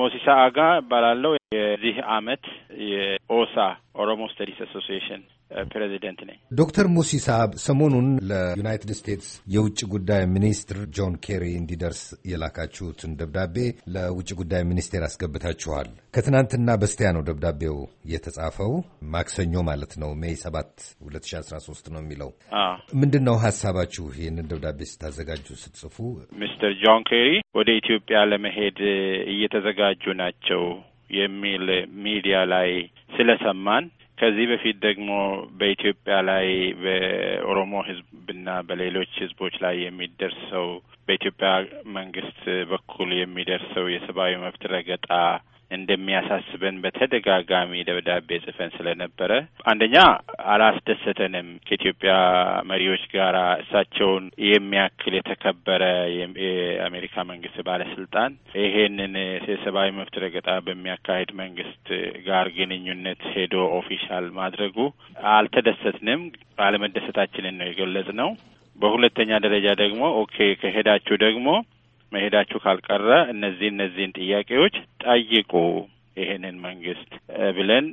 ሞሲሳ አጋ እባላለሁ። የዚህ አመት የኦሳ ኦሮሞ ስተዲስ አሶሲዬሽን ፕሬዚደንት ነኝ። ዶክተር ሳብ ሰሞኑን ለዩናይትድ ስቴትስ የውጭ ጉዳይ ሚኒስትር ጆን ኬሪ እንዲደርስ የላካችሁትን ደብዳቤ ለውጭ ጉዳይ ሚኒስቴር አስገብታችኋል። ከትናንትና በስቲያ ነው ደብዳቤው የተጻፈው፣ ማክሰኞ ማለት ነው። ሜይ 7 2013 ነው የሚለው። ምንድን ነው ሀሳባችሁ? ይህንን ደብዳቤ ስታዘጋጁ ስትጽፉ፣ ሚስተር ጆን ኬሪ ወደ ኢትዮጵያ ለመሄድ እየተዘጋጁ ናቸው የሚል ሚዲያ ላይ ስለሰማን ከዚህ በፊት ደግሞ በኢትዮጵያ ላይ በኦሮሞ ና በሌሎች ህዝቦች ላይ የሚደርሰው በኢትዮጵያ መንግስት በኩል የሚደርሰው የሰብአዊ መብት ረገጣ እንደሚያሳስበን በተደጋጋሚ ደብዳቤ ጽፈን ስለነበረ አንደኛ አላስደሰተንም። ከኢትዮጵያ መሪዎች ጋር እሳቸውን የሚያክል የተከበረ የአሜሪካ መንግስት ባለስልጣን ይሄንን የሰብአዊ መብት ረገጣ በሚያካሄድ መንግስት ጋር ግንኙነት ሄዶ ኦፊሻል ማድረጉ አልተደሰትንም። አለመደሰታችንን ነው የገለጽ ነው። በሁለተኛ ደረጃ ደግሞ ኦኬ ከሄዳችሁ ደግሞ መሄዳችሁ ካልቀረ እነዚህ እነዚህን ጥያቄዎች ጠይቁ ይሄንን መንግስት ብለን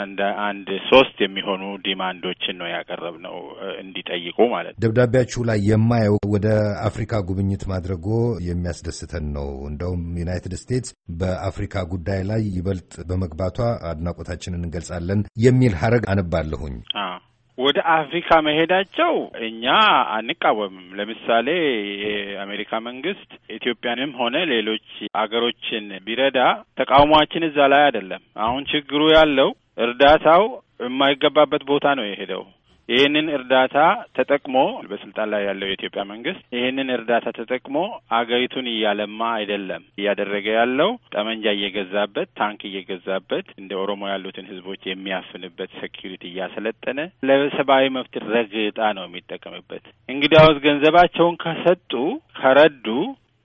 አንድ አንድ ሶስት የሚሆኑ ዲማንዶችን ነው ያቀረብነው እንዲጠይቁ ማለት ነው። ደብዳቤያችሁ ላይ የማየው ወደ አፍሪካ ጉብኝት ማድረጎ የሚያስደስተን ነው። እንደውም ዩናይትድ ስቴትስ በአፍሪካ ጉዳይ ላይ ይበልጥ በመግባቷ አድናቆታችንን እንገልጻለን የሚል ሀረግ አነባለሁኝ። ወደ አፍሪካ መሄዳቸው እኛ አንቃወምም። ለምሳሌ የአሜሪካ መንግስት ኢትዮጵያንም ሆነ ሌሎች አገሮችን ቢረዳ ተቃውሟችን እዛ ላይ አይደለም። አሁን ችግሩ ያለው እርዳታው የማይገባበት ቦታ ነው የሄደው። ይህንን እርዳታ ተጠቅሞ በስልጣን ላይ ያለው የኢትዮጵያ መንግስት ይህንን እርዳታ ተጠቅሞ አገሪቱን እያለማ አይደለም እያደረገ ያለው ጠመንጃ እየገዛበት ታንክ እየገዛበት እንደ ኦሮሞ ያሉትን ህዝቦች የሚያፍንበት ሴኪሪቲ እያሰለጠነ ለሰብአዊ መብት ረግጣ ነው የሚጠቀምበት። እንግዲያውስ ገንዘባቸውን ከሰጡ ከረዱ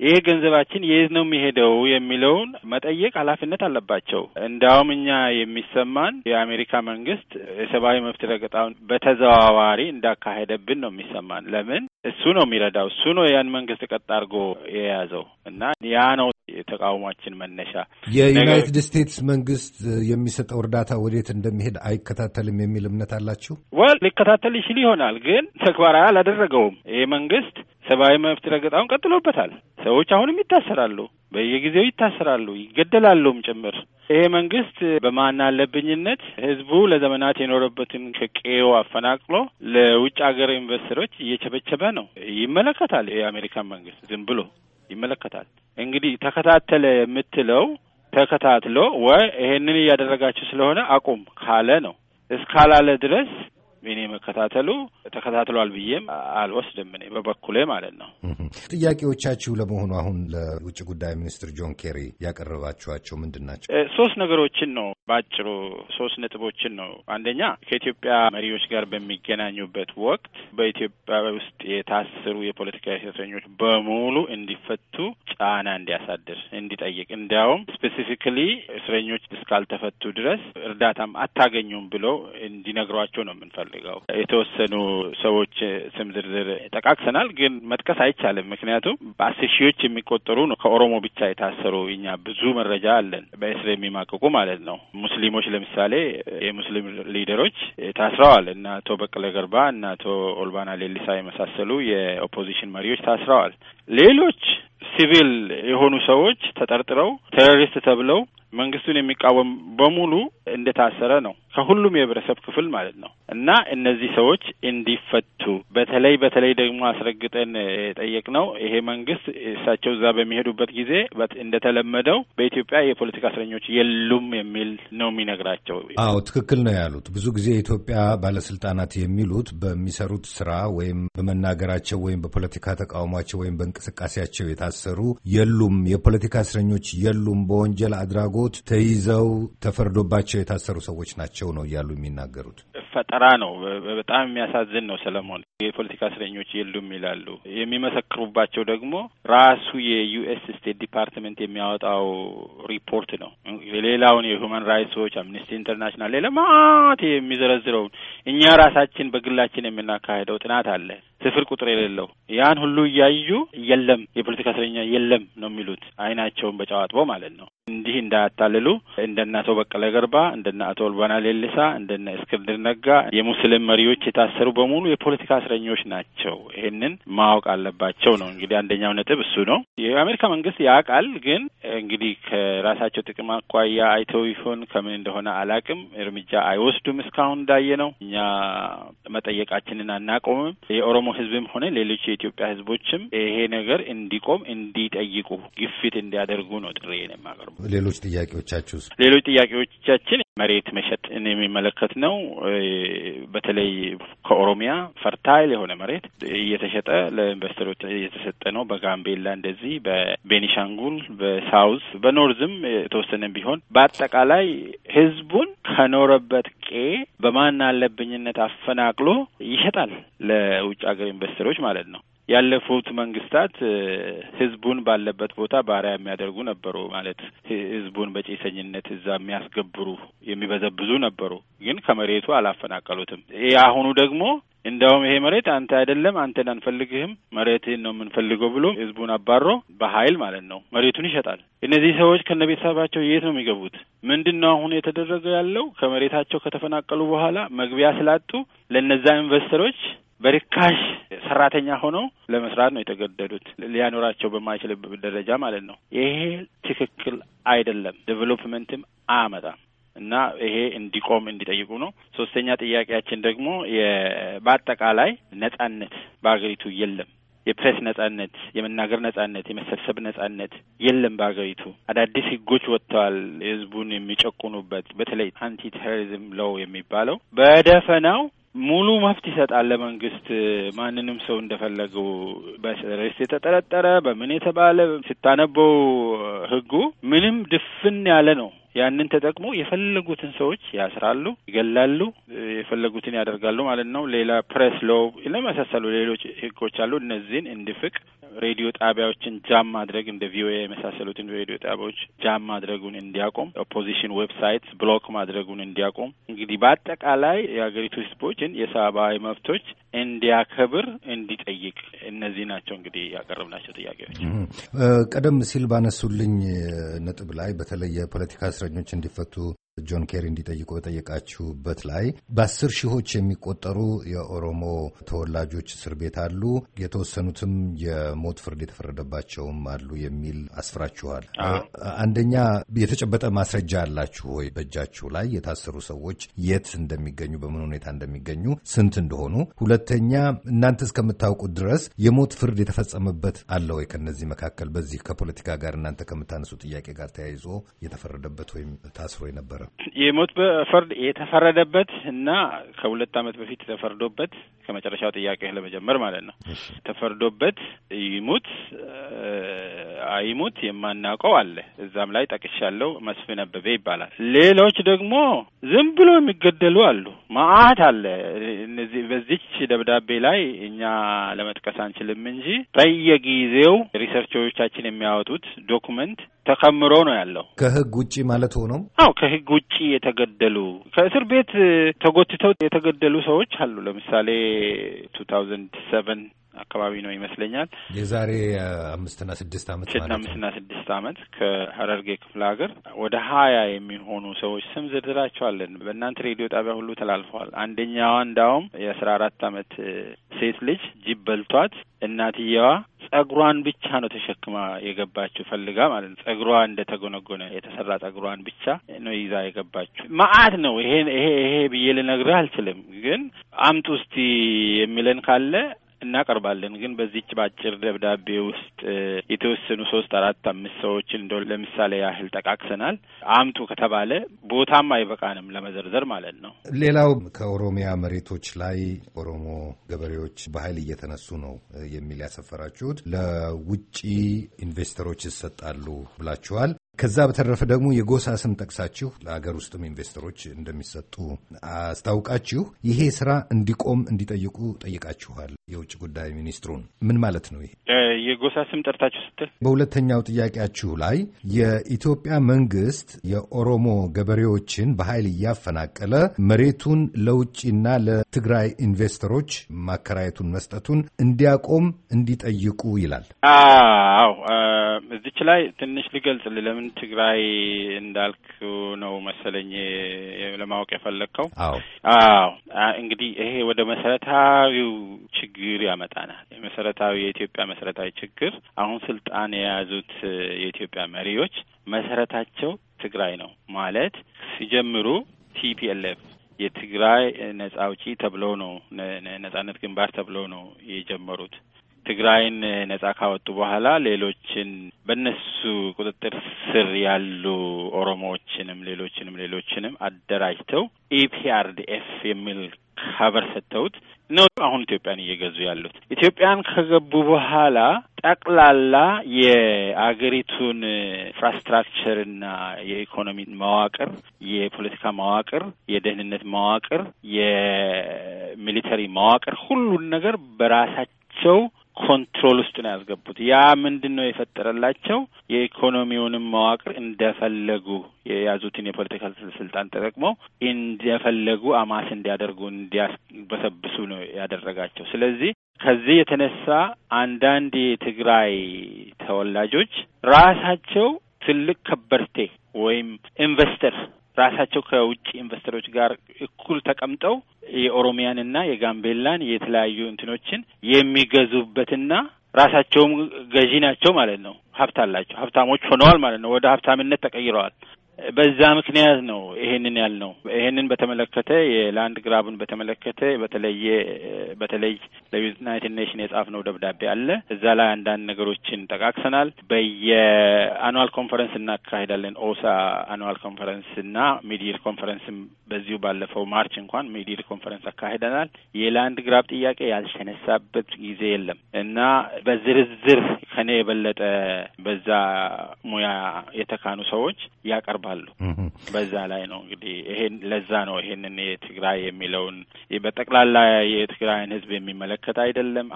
ይሄ ገንዘባችን የት ነው የሚሄደው የሚለውን መጠየቅ ኃላፊነት አለባቸው። እንዲያውም እኛ የሚሰማን የአሜሪካ መንግስት የሰብአዊ መብት ረገጣውን በተዘዋዋሪ እንዳካሄደብን ነው የሚሰማን። ለምን እሱ ነው የሚረዳው፣ እሱ ነው ያን መንግስት ቀጥ አድርጎ የያዘው እና ያ ነው የተቃውሟችን መነሻ የዩናይትድ ስቴትስ መንግስት የሚሰጠው እርዳታ ወዴት እንደሚሄድ አይከታተልም የሚል እምነት አላችሁ? ወል ሊከታተል ይችል ይሆናል፣ ግን ተግባራዊ አላደረገውም። ይህ መንግስት ሰብአዊ መብት ረገጣውን ቀጥሎበታል። ሰዎች አሁንም ይታሰራሉ፣ በየጊዜው ይታሰራሉ፣ ይገደላሉም ጭምር። ይሄ መንግስት በማናለብኝነት ህዝቡ ለዘመናት የኖረበትን ከቀዬው አፈናቅሎ ለውጭ ሀገር ኢንቨስተሮች እየቸበቸበ ነው። ይመለከታል የአሜሪካን መንግስት ዝም ብሎ ይመለከታል። እንግዲህ ተከታተለ የምትለው ተከታትሎ ወይ ይሄንን እያደረጋችሁ ስለሆነ አቁም ካለ ነው። እስካላለ ድረስ እኔ መከታተሉ ተከታትሏል ብዬም አልወስድም እኔ በበኩሌ ማለት ነው። ጥያቄዎቻችሁ ለመሆኑ አሁን ለውጭ ጉዳይ ሚኒስትር ጆን ኬሪ ያቀረባችኋቸው ምንድን ናቸው? ሶስት ነገሮችን ነው ባጭሩ ሶስት ነጥቦችን ነው። አንደኛ ከኢትዮጵያ መሪዎች ጋር በሚገናኙበት ወቅት በኢትዮጵያ ውስጥ የታሰሩ የፖለቲካ እስረኞች በሙሉ እንዲፈቱ ጫና እንዲያሳድር እንዲጠይቅ፣ እንዲያውም ስፔሲፊካሊ እስረኞች እስካልተፈቱ ድረስ እርዳታም አታገኙም ብለው እንዲነግሯቸው ነው የምንፈልግ የምንፈልገው። የተወሰኑ ሰዎች ስም ዝርዝር ጠቃቅሰናል፣ ግን መጥቀስ አይቻልም። ምክንያቱም በአስር ሺዎች የሚቆጠሩ ነው ከኦሮሞ ብቻ የታሰሩ እኛ ብዙ መረጃ አለን፣ በእስር የሚማቅቁ ማለት ነው። ሙስሊሞች ለምሳሌ የሙስሊም ሊደሮች ታስረዋል። እና አቶ በቀለ ገርባ እና አቶ ኦልባና ሌሊሳ የመሳሰሉ የኦፖዚሽን መሪዎች ታስረዋል። ሌሎች ሲቪል የሆኑ ሰዎች ተጠርጥረው ቴሮሪስት ተብለው መንግስቱን የሚቃወም በሙሉ እንደታሰረ ነው። ከሁሉም የህብረተሰብ ክፍል ማለት ነው። እና እነዚህ ሰዎች እንዲፈቱ በተለይ በተለይ ደግሞ አስረግጠን ጠየቅ ነው። ይሄ መንግስት እሳቸው እዛ በሚሄዱበት ጊዜ እንደተለመደው በኢትዮጵያ የፖለቲካ እስረኞች የሉም የሚል ነው የሚነግራቸው። አዎ ትክክል ነው ያሉት። ብዙ ጊዜ የኢትዮጵያ ባለስልጣናት የሚሉት በሚሰሩት ስራ ወይም በመናገራቸው ወይም በፖለቲካ ተቃውሟቸው ወይም በእንቅስቃሴያቸው የታሰሩ የሉም፣ የፖለቲካ እስረኞች የሉም፣ በወንጀል አድራጎት ተይዘው ተፈርዶባቸው የታሰሩ ሰዎች ናቸው ነው እያሉ የሚናገሩት። ፈጠራ ነው። በጣም የሚያሳዝን ነው። ሰለሞን የፖለቲካ እስረኞች የሉም ይላሉ። የሚመሰክሩባቸው ደግሞ ራሱ የዩኤስ ስቴት ዲፓርትመንት የሚያወጣው ሪፖርት ነው። ሌላውን የሁማን ራይትስ ዎች፣ አምኒስቲ ኢንተርናሽናል፣ ሌላ የሚዘረዝረውን እኛ ራሳችን በግላችን የምናካሄደው ጥናት አለ ስፍር ቁጥር የሌለው ያን ሁሉ እያዩ የለም የፖለቲካ እስረኛ የለም ነው የሚሉት አይናቸውን በጨዋጥቦ ማለት ነው። እንዲህ እንዳያታልሉ እንደነ አቶ በቀለ ገርባ እንደነ አቶ ኦልባና ሌልሳ፣ እንደነ እስክንድር ነጋ ሲዘጋ የሙስሊም መሪዎች የታሰሩ በሙሉ የፖለቲካ እስረኞች ናቸው። ይህንን ማወቅ አለባቸው ነው እንግዲህ አንደኛው ነጥብ እሱ ነው። የአሜሪካ መንግስት ያውቃል፣ ግን እንግዲህ ከራሳቸው ጥቅም አኳያ አይተው ይሆን ከምን እንደሆነ አላቅም፣ እርምጃ አይወስዱም። እስካሁን እንዳየ ነው እኛ መጠየቃችንን አናቆምም። የኦሮሞ ህዝብም ሆነ ሌሎች የኢትዮጵያ ህዝቦችም ይሄ ነገር እንዲቆም እንዲጠይቁ ግፊት እንዲያደርጉ ነው ጥሪ የማቀርቡ። ሌሎች ጥያቄዎቻችሁ ሌሎች ጥያቄዎቻችን መሬት መሸጥን የሚመለከት ነው። በተለይ ከኦሮሚያ ፈርታይል የሆነ መሬት እየተሸጠ ለኢንቨስተሮች እየተሰጠ ነው። በጋምቤላ እንደዚህ፣ በቤኒሻንጉል፣ በሳውዝ፣ በኖርዝም የተወሰነ ቢሆን በአጠቃላይ ህዝቡን ከኖረበት ቄ በማናለብኝነት አፈናቅሎ ይሸጣል ለውጭ ሀገር ኢንቨስተሮች ማለት ነው። ያለፉት መንግስታት ህዝቡን ባለበት ቦታ ባሪያ የሚያደርጉ ነበሩ። ማለት ህዝቡን በጭሰኝነት እዛ የሚያስገብሩ የሚበዘብዙ ነበሩ፣ ግን ከመሬቱ አላፈናቀሉትም። የአሁኑ ደግሞ እንደውም ይሄ መሬት አንተ አይደለም አንተን አንፈልግህም መሬትህን ነው የምንፈልገው ብሎ ህዝቡን አባሮ በኃይል ማለት ነው መሬቱን ይሸጣል። እነዚህ ሰዎች ከነ ቤተሰባቸው የት ነው የሚገቡት? ምንድን ነው አሁን የተደረገ ያለው? ከመሬታቸው ከተፈናቀሉ በኋላ መግቢያ ስላጡ ለእነዛ ኢንቨስተሮች በርካሽ ሰራተኛ ሆነው ለመስራት ነው የተገደዱት፣ ሊያኖራቸው በማይችልበት ደረጃ ማለት ነው። ይሄ ትክክል አይደለም፣ ዴቨሎፕመንትም አያመጣም እና ይሄ እንዲቆም እንዲጠይቁ ነው። ሶስተኛ ጥያቄያችን ደግሞ በአጠቃላይ ነጻነት በሀገሪቱ የለም። የፕሬስ ነጻነት፣ የመናገር ነጻነት፣ የመሰብሰብ ነጻነት የለም በሀገሪቱ። አዳዲስ ህጎች ወጥተዋል፣ ህዝቡን የሚጨቁኑበት በተለይ አንቲ ቴሮሪዝም ሎው የሚባለው በደፈናው ሙሉ መፍት ይሰጣል ለመንግስት። ማንንም ሰው እንደፈለገው በሬስ የተጠረጠረ በምን የተባለ ስታነበው ህጉ ምንም ድፍን ያለ ነው። ያንን ተጠቅሞ የፈለጉትን ሰዎች ያስራሉ፣ ይገላሉ፣ የፈለጉትን ያደርጋሉ ማለት ነው። ሌላ ፕሬስ ሎ ለመሳሰሉ ሌሎች ህጎች አሉ። እነዚህን እንዲፍቅ ሬዲዮ ጣቢያዎችን ጃም ማድረግ እንደ ቪኦኤ የመሳሰሉትን ሬዲዮ ጣቢያዎች ጃም ማድረጉን እንዲያቆም፣ ኦፖዚሽን ዌብሳይት ብሎክ ማድረጉን እንዲያቆም፣ እንግዲህ በአጠቃላይ የሀገሪቱ ህዝቦችን የሰብአዊ መብቶች እንዲያከብር እንዲጠይቅ እነዚህ ናቸው እንግዲህ ያቀረብናቸው ጥያቄዎች። ቀደም ሲል ባነሱልኝ ነጥብ ላይ በተለይ የፖለቲካ እስረ tenho tido de facto ጆን ኬሪ እንዲጠይቁ በጠየቃችሁበት ላይ በአስር ሺዎች የሚቆጠሩ የኦሮሞ ተወላጆች እስር ቤት አሉ፣ የተወሰኑትም የሞት ፍርድ የተፈረደባቸውም አሉ የሚል አስፍራችኋል። አንደኛ የተጨበጠ ማስረጃ አላችሁ ወይ በእጃችሁ ላይ የታሰሩ ሰዎች የት እንደሚገኙ፣ በምን ሁኔታ እንደሚገኙ፣ ስንት እንደሆኑ? ሁለተኛ እናንተ እስከምታውቁት ድረስ የሞት ፍርድ የተፈጸመበት አለ ወይ ከነዚህ መካከል በዚህ ከፖለቲካ ጋር እናንተ ከምታነሱ ጥያቄ ጋር ተያይዞ የተፈረደበት ወይም ታስሮ የነበረ የሞት ፍርድ የተፈረደበት እና ከሁለት አመት በፊት ተፈርዶበት ከመጨረሻው ጥያቄ ለመጀመር ማለት ነው ተፈርዶበት ይሙት አይሙት የማናውቀው አለ። እዛም ላይ ጠቅሻለሁ። መስፍን አበበ ይባላል። ሌሎች ደግሞ ዝም ብሎ የሚገደሉ አሉ። ማአት አለ። እነዚህ በዚች ደብዳቤ ላይ እኛ ለመጥቀስ አንችልም እንጂ በየጊዜው ሪሰርቾቻችን የሚያወጡት ዶኩመንት ተከምሮ ነው ያለው። ከህግ ውጪ ማለት ሆኖም አዎ ከህግ ውጪ የተገደሉ ከእስር ቤት ተጎትተው የተገደሉ ሰዎች አሉ። ለምሳሌ ቱ ታውዘንድ ሰቨን አካባቢ ነው ይመስለኛል። የዛሬ አምስትና ስድስት አመት ማለት ነው። አምስትና ስድስት አመት ከሀረርጌ ክፍለ ሀገር ወደ ሀያ የሚሆኑ ሰዎች ስም ዝርዝራቸዋለን። በእናንተ ሬዲዮ ጣቢያ ሁሉ ተላልፈዋል። አንደኛዋ እንዳውም የአስራ አራት አመት ሴት ልጅ ጅብ በልቷት እናትየዋ ጸጉሯን ብቻ ነው ተሸክማ የገባችው ፈልጋ ማለት ነው። ጸጉሯ እንደ ተጎነጎነ የተሰራ ጸጉሯን ብቻ ነው ይዛ የገባችው። መዓት ነው ይሄ ይሄ ይሄ ብዬ ልነግርህ አልችልም። ግን አምጡ እስቲ የሚለን ካለ እናቀርባለን። ግን በዚች በአጭር ደብዳቤ ውስጥ የተወሰኑ ሶስት አራት አምስት ሰዎችን እንደ ለምሳሌ ያህል ጠቃቅሰናል። አምቱ ከተባለ ቦታም አይበቃንም ለመዘርዘር ማለት ነው። ሌላው ከኦሮሚያ መሬቶች ላይ ኦሮሞ ገበሬዎች በኃይል እየተነሱ ነው የሚል ያሰፈራችሁት ለውጭ ኢንቨስተሮች ይሰጣሉ ብላችኋል። ከዛ በተረፈ ደግሞ የጎሳ ስም ጠቅሳችሁ ለሀገር ውስጥም ኢንቨስተሮች እንደሚሰጡ አስታውቃችሁ ይሄ ስራ እንዲቆም እንዲጠይቁ ጠይቃችኋል። የውጭ ጉዳይ ሚኒስትሩን ምን ማለት ነው? ይሄ የጎሳ ስም ጠርታችሁ ስትል በሁለተኛው ጥያቄያችሁ ላይ የኢትዮጵያ መንግስት የኦሮሞ ገበሬዎችን በኃይል እያፈናቀለ መሬቱን ለውጭና ለትግራይ ኢንቨስተሮች ማከራየቱን መስጠቱን እንዲያቆም እንዲጠይቁ ይላል። አዎ እዚች ላይ ትንሽ ልገልጽ። ለምን ትግራይ እንዳልክ ነው መሰለኝ ለማወቅ የፈለግከው። አዎ አዎ እንግዲህ ይሄ ወደ መሰረታዊው ችግር ችግር ያመጣናል። የመሰረታዊ የኢትዮጵያ መሰረታዊ ችግር አሁን ስልጣን የያዙት የኢትዮጵያ መሪዎች መሰረታቸው ትግራይ ነው ማለት ሲጀምሩ ቲፒኤልኤፍ የትግራይ ነጻ አውጪ ተብሎ ነው ነጻነት ግንባር ተብሎ ነው የጀመሩት። ትግራይን ነጻ ካወጡ በኋላ ሌሎችን በእነሱ ቁጥጥር ስር ያሉ ኦሮሞዎችንም ሌሎችንም ሌሎችንም አደራጅተው ኢፒአርዲኤፍ የሚል ከበር ሰጥተውት ነው አሁን ኢትዮጵያን እየገዙ ያሉት። ኢትዮጵያን ከገቡ በኋላ ጠቅላላ የአገሪቱን ኢንፍራስትራክቸርና የኢኮኖሚ መዋቅር፣ የፖለቲካ መዋቅር፣ የደህንነት መዋቅር፣ የሚሊተሪ መዋቅር ሁሉን ነገር በራሳቸው ኮንትሮል ውስጥ ነው ያስገቡት። ያ ምንድን ነው የፈጠረላቸው? የኢኮኖሚውንም መዋቅር እንደፈለጉ የያዙትን የፖለቲካል ስልጣን ተጠቅመው እንደፈለጉ አማስ እንዲያደርጉ እንዲያስበሰብሱ ነው ያደረጋቸው። ስለዚህ ከዚህ የተነሳ አንዳንድ የትግራይ ተወላጆች ራሳቸው ትልቅ ከበርቴ ወይም ኢንቨስተር ራሳቸው ከውጭ ኢንቨስተሮች ጋር እኩል ተቀምጠው የኦሮሚያንና የጋምቤላን የተለያዩ እንትኖችን የሚገዙበትና ራሳቸውም ገዢ ናቸው ማለት ነው። ሀብት አላቸው። ሀብታሞች ሆነዋል ማለት ነው። ወደ ሀብታምነት ተቀይረዋል። በዛ ምክንያት ነው ይሄንን ያልነው። ይሄንን በተመለከተ የላንድ ግራብን በተመለከተ በተለየ በተለይ ለዩናይትድ ኔሽን የጻፍነው ደብዳቤ አለ። እዛ ላይ አንዳንድ ነገሮችን ጠቃቅሰናል። በየአኑዋል ኮንፈረንስ እናካሄዳለን። ኦሳ አኑዋል ኮንፈረንስ እና ሚድይር ኮንፈረንስም በዚሁ ባለፈው ማርች እንኳን ሚድይር ኮንፈረንስ አካሄደናል። የላንድ ግራብ ጥያቄ ያልተነሳበት ጊዜ የለም እና በዝርዝር ከኔ የበለጠ በዛ ሙያ የተካኑ ሰዎች ያቀርባል ያቀርባሉ። በዛ ላይ ነው እንግዲህ ይሄን ለዛ ነው ይሄንን የትግራይ የሚለውን በጠቅላላ የትግራይን ህዝብ የሚመለከት አይደለም።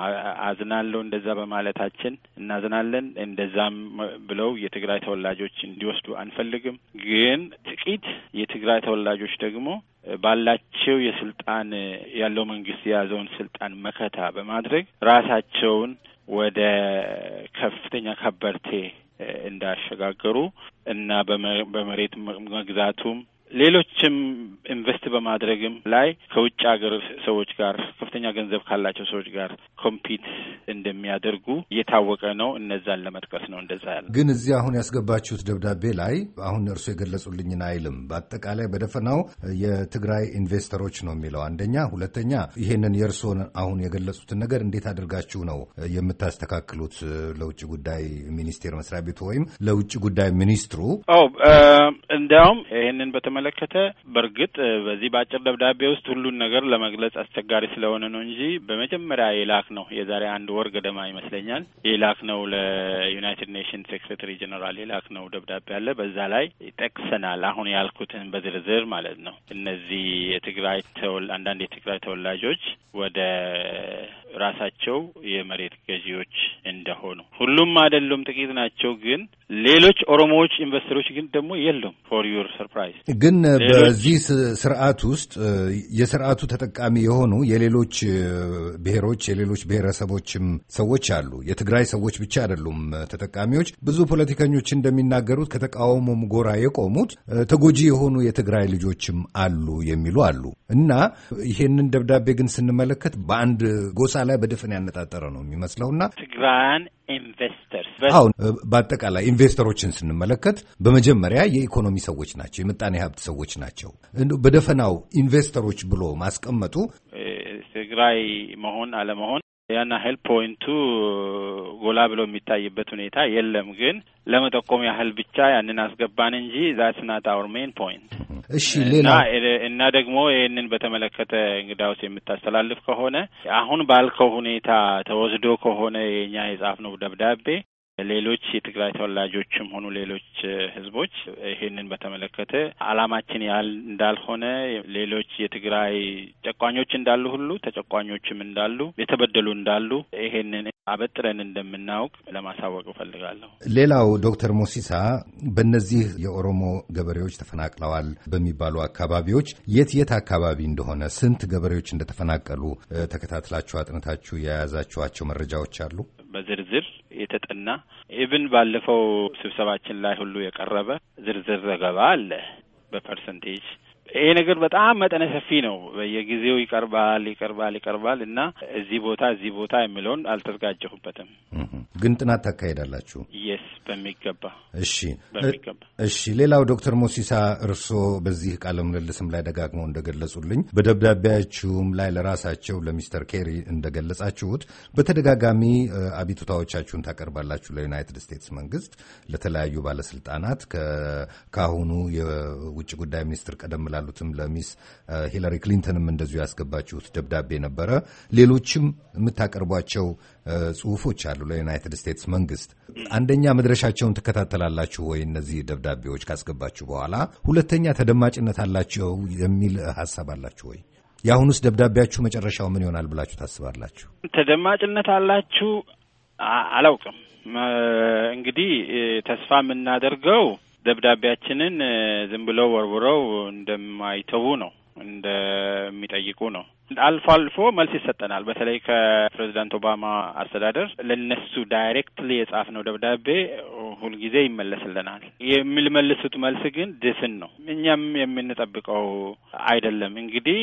አዝናለሁ እንደዛ በማለታችን እናዝናለን። እንደዛም ብለው የትግራይ ተወላጆች እንዲወስዱ አንፈልግም። ግን ጥቂት የትግራይ ተወላጆች ደግሞ ባላቸው የስልጣን ያለው መንግስት የያዘውን ስልጣን መከታ በማድረግ ራሳቸውን ወደ ከፍተኛ ከበርቴ እንዳሸጋገሩ እና በመሬት መግዛቱም ሌሎችም ኢንቨስት በማድረግም ላይ ከውጭ ሀገር ሰዎች ጋር ከፍተኛ ገንዘብ ካላቸው ሰዎች ጋር ኮምፒት እንደሚያደርጉ እየታወቀ ነው። እነዛን ለመጥቀስ ነው እንደዛ ያለ። ግን እዚህ አሁን ያስገባችሁት ደብዳቤ ላይ አሁን እርሱ የገለጹልኝን አይልም። በአጠቃላይ በደፈናው የትግራይ ኢንቨስተሮች ነው የሚለው አንደኛ። ሁለተኛ ይሄንን የእርስዎን አሁን የገለጹትን ነገር እንዴት አድርጋችሁ ነው የምታስተካክሉት? ለውጭ ጉዳይ ሚኒስቴር መስሪያ ቤቱ ወይም ለውጭ ጉዳይ ሚኒስትሩ? አዎ እንዲያውም ይህንን በተመለከተ በእርግጥ በዚህ በአጭር ደብዳቤ ውስጥ ሁሉን ነገር ለመግለጽ አስቸጋሪ ስለሆነ ነው እንጂ በመጀመሪያ የላክ ነው የዛሬ አንድ ወር ገደማ ይመስለኛል የላክ ነው ለዩናይትድ ኔሽን ሴክሬታሪ ጀኔራል የላክ ነው ደብዳቤ አለ። በዛ ላይ ጠቅሰናል አሁን ያልኩትን በዝርዝር ማለት ነው። እነዚህ የትግራይ አንዳንድ የትግራይ ተወላጆች ወደ ራሳቸው የመሬት ገዢዎች እንደሆኑ ሁሉም አይደሉም፣ ጥቂት ናቸው። ግን ሌሎች ኦሮሞዎች ኢንቨስተሮች ግን ደግሞ የሉም። ፎር ዩር ሰርፕራይዝ ግን በዚህ ስርዓት ውስጥ የስርዓቱ ተጠቃሚ የሆኑ የሌሎች ብሔሮች የሌሎች ብሔረሰቦችም ሰዎች አሉ። የትግራይ ሰዎች ብቻ አይደሉም ተጠቃሚዎች። ብዙ ፖለቲከኞች እንደሚናገሩት ከተቃውሞም ጎራ የቆሙት ተጎጂ የሆኑ የትግራይ ልጆችም አሉ የሚሉ አሉ እና ይሄንን ደብዳቤ ግን ስንመለከት በአንድ ጎሳ ላይ በደፈን ያነጣጠረ ነው የሚመስለውና ትግራያን ኢንቨስተርስ አሁን በአጠቃላይ ኢንቨስተሮችን ስንመለከት በመጀመሪያ የኢኮኖሚ ሰዎች ናቸው፣ የምጣኔ ሀብት ሰዎች ናቸው። በደፈናው ኢንቨስተሮች ብሎ ማስቀመጡ ትግራይ መሆን አለመሆን ያን ያህል ፖይንቱ ጎላ ብሎ የሚታይበት ሁኔታ የለም። ግን ለመጠቆም ያህል ብቻ ያንን አስገባን እንጂ ዛትስ ናት አወር ሜን ፖይንት እሺ ሌላ እና ደግሞ ይህንን በተመለከተ እንግዳውስ የምታስተላልፍ ከሆነ አሁን ባልከው ሁኔታ ተወስዶ ከሆነ የእኛ የጻፍነው ደብዳቤ ሌሎች የትግራይ ተወላጆችም ሆኑ ሌሎች ህዝቦች ይሄንን በተመለከተ አላማችን ያል እንዳልሆነ ሌሎች የትግራይ ጨቋኞች እንዳሉ ሁሉ ተጨቋኞችም እንዳሉ የተበደሉ እንዳሉ ይሄንን አበጥረን እንደምናውቅ ለማሳወቅ እፈልጋለሁ። ሌላው ዶክተር ሞሲሳ በእነዚህ የኦሮሞ ገበሬዎች ተፈናቅለዋል በሚባሉ አካባቢዎች የት የት አካባቢ እንደሆነ ስንት ገበሬዎች እንደተፈናቀሉ ተከታትላችሁ አጥንታችሁ የያዛችኋቸው መረጃዎች አሉ? በዝርዝር እና ኢቭን ባለፈው ስብሰባችን ላይ ሁሉ የቀረበ ዝርዝር ዘገባ አለ በፐርሰንቴጅ ይሄ ነገር በጣም መጠነ ሰፊ ነው። በየጊዜው ይቀርባል ይቀርባል ይቀርባል እና እዚህ ቦታ እዚህ ቦታ የሚለውን አልተዘጋጀሁበትም። ግን ጥናት ታካሄዳላችሁ? የስ በሚገባ እሺ፣ በሚገባ እሺ። ሌላው ዶክተር ሞሲሳ እርስዎ በዚህ ቃለ ምልልስም ላይ ደጋግመው እንደገለጹልኝ በደብዳቤያችሁም ላይ ለራሳቸው ለሚስተር ኬሪ እንደገለጻችሁት በተደጋጋሚ አቤቱታዎቻችሁን ታቀርባላችሁ ለዩናይትድ ስቴትስ መንግስት፣ ለተለያዩ ባለስልጣናት ከአሁኑ የውጭ ጉዳይ ሚኒስትር ቀደም ላ ያሉትም ለሚስ ሂላሪ ክሊንተንም እንደዚሁ ያስገባችሁት ደብዳቤ ነበረ። ሌሎችም የምታቀርቧቸው ጽሁፎች አሉ ለዩናይትድ ስቴትስ መንግስት። አንደኛ መድረሻቸውን ትከታተላላችሁ ወይ? እነዚህ ደብዳቤዎች ካስገባችሁ በኋላ፣ ሁለተኛ ተደማጭነት አላቸው የሚል ሀሳብ አላችሁ ወይ? የአሁኑስ ደብዳቤያችሁ መጨረሻው ምን ይሆናል ብላችሁ ታስባላችሁ? ተደማጭነት አላችሁ አላውቅም። እንግዲህ ተስፋ የምናደርገው ደብዳቤያችንን ዝም ብለው ወርውረው እንደማይተዉ ነው እንደሚጠይቁ ነው። አልፎ አልፎ መልስ ይሰጠናል። በተለይ ከፕሬዚዳንት ኦባማ አስተዳደር ለነሱ ዳይሬክትሊ የጻፍነው ደብዳቤ ሁልጊዜ ይመለስልናል። የሚመልሱት መልስ ግን ድፍን ነው፣ እኛም የምንጠብቀው አይደለም። እንግዲህ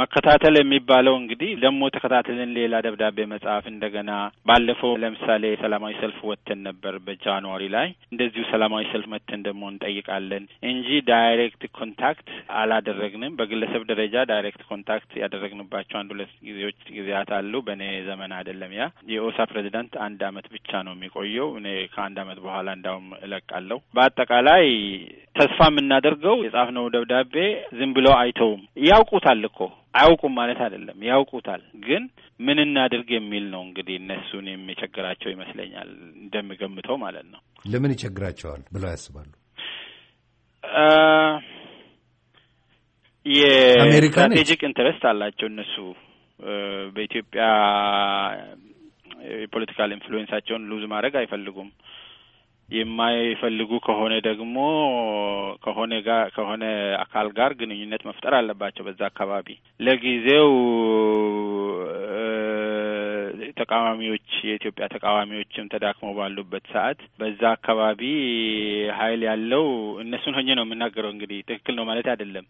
መከታተል የሚባለው እንግዲህ ደግሞ ተከታተልን ሌላ ደብዳቤ መጽሐፍ እንደገና ባለፈው ለምሳሌ ሰላማዊ ሰልፍ ወጥተን ነበር በጃንዋሪ ላይ እንደዚሁ ሰላማዊ ሰልፍ መጥተን ደግሞ እንጠይቃለን እንጂ ዳይሬክት ኮንታክት አላደረግንም። በግለሰብ ደረጃ ዳይሬክት ኮንታክት ያደረግንባቸው አንድ ሁለት ጊዜዎች ጊዜያት አሉ። በእኔ ዘመን አይደለም። ያ የኦሳ ፕሬዚዳንት አንድ አመት ብቻ ነው የሚቆየው። እኔ ከአንድ አመት በኋላ እንዳውም እለቃለሁ። በአጠቃላይ ተስፋ የምናደርገው የጻፍነው ደብዳቤ ዝም ብለው አይተውም። ያውቁታል እኮ አያውቁም ማለት አይደለም፣ ያውቁታል። ግን ምን እናድርግ የሚል ነው እንግዲህ እነሱን የሚቸግራቸው ይመስለኛል፣ እንደምገምተው ማለት ነው። ለምን ይቸግራቸዋል ብለው ያስባሉ? የስትራቴጂክ ኢንትረስት አላቸው እነሱ በኢትዮጵያ የፖለቲካል ኢንፍሉዌንሳቸውን ሉዝ ማድረግ አይፈልጉም። የማይፈልጉ ከሆነ ደግሞ ከሆነ ጋር ከሆነ አካል ጋር ግንኙነት መፍጠር አለባቸው። በዛ አካባቢ ለጊዜው ተቃዋሚዎች የኢትዮጵያ ተቃዋሚዎችም ተዳክመው ባሉበት ሰዓት በዛ አካባቢ ኃይል ያለው እነሱን ሆኜ ነው የምናገረው። እንግዲህ ትክክል ነው ማለት አይደለም።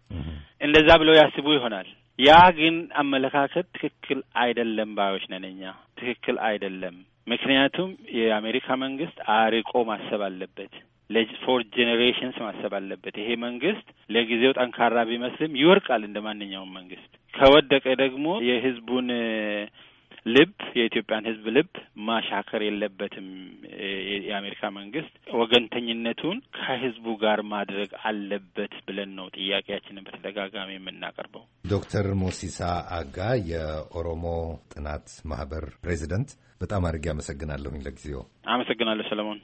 እንደዛ ብለው ያስቡ ይሆናል። ያ ግን አመለካከት ትክክል አይደለም ባዮች ነን እኛ። ትክክል አይደለም። ምክንያቱም የአሜሪካ መንግስት አርቆ ማሰብ አለበት። ለፎር ጄኔሬሽንስ ማሰብ አለበት። ይሄ መንግስት ለጊዜው ጠንካራ ቢመስልም ይወርቃል እንደ ማንኛውም መንግስት። ከወደቀ ደግሞ የህዝቡን ልብ የኢትዮጵያን ህዝብ ልብ ማሻከር የለበትም። የአሜሪካ መንግስት ወገንተኝነቱን ከህዝቡ ጋር ማድረግ አለበት ብለን ነው ጥያቄያችንን በተደጋጋሚ የምናቀርበው። ዶክተር ሞሲሳ አጋ የኦሮሞ ጥናት ማህበር ፕሬዚደንት፣ በጣም አድርጌ አመሰግናለሁኝ። ለጊዜው አመሰግናለሁ ሰለሞን።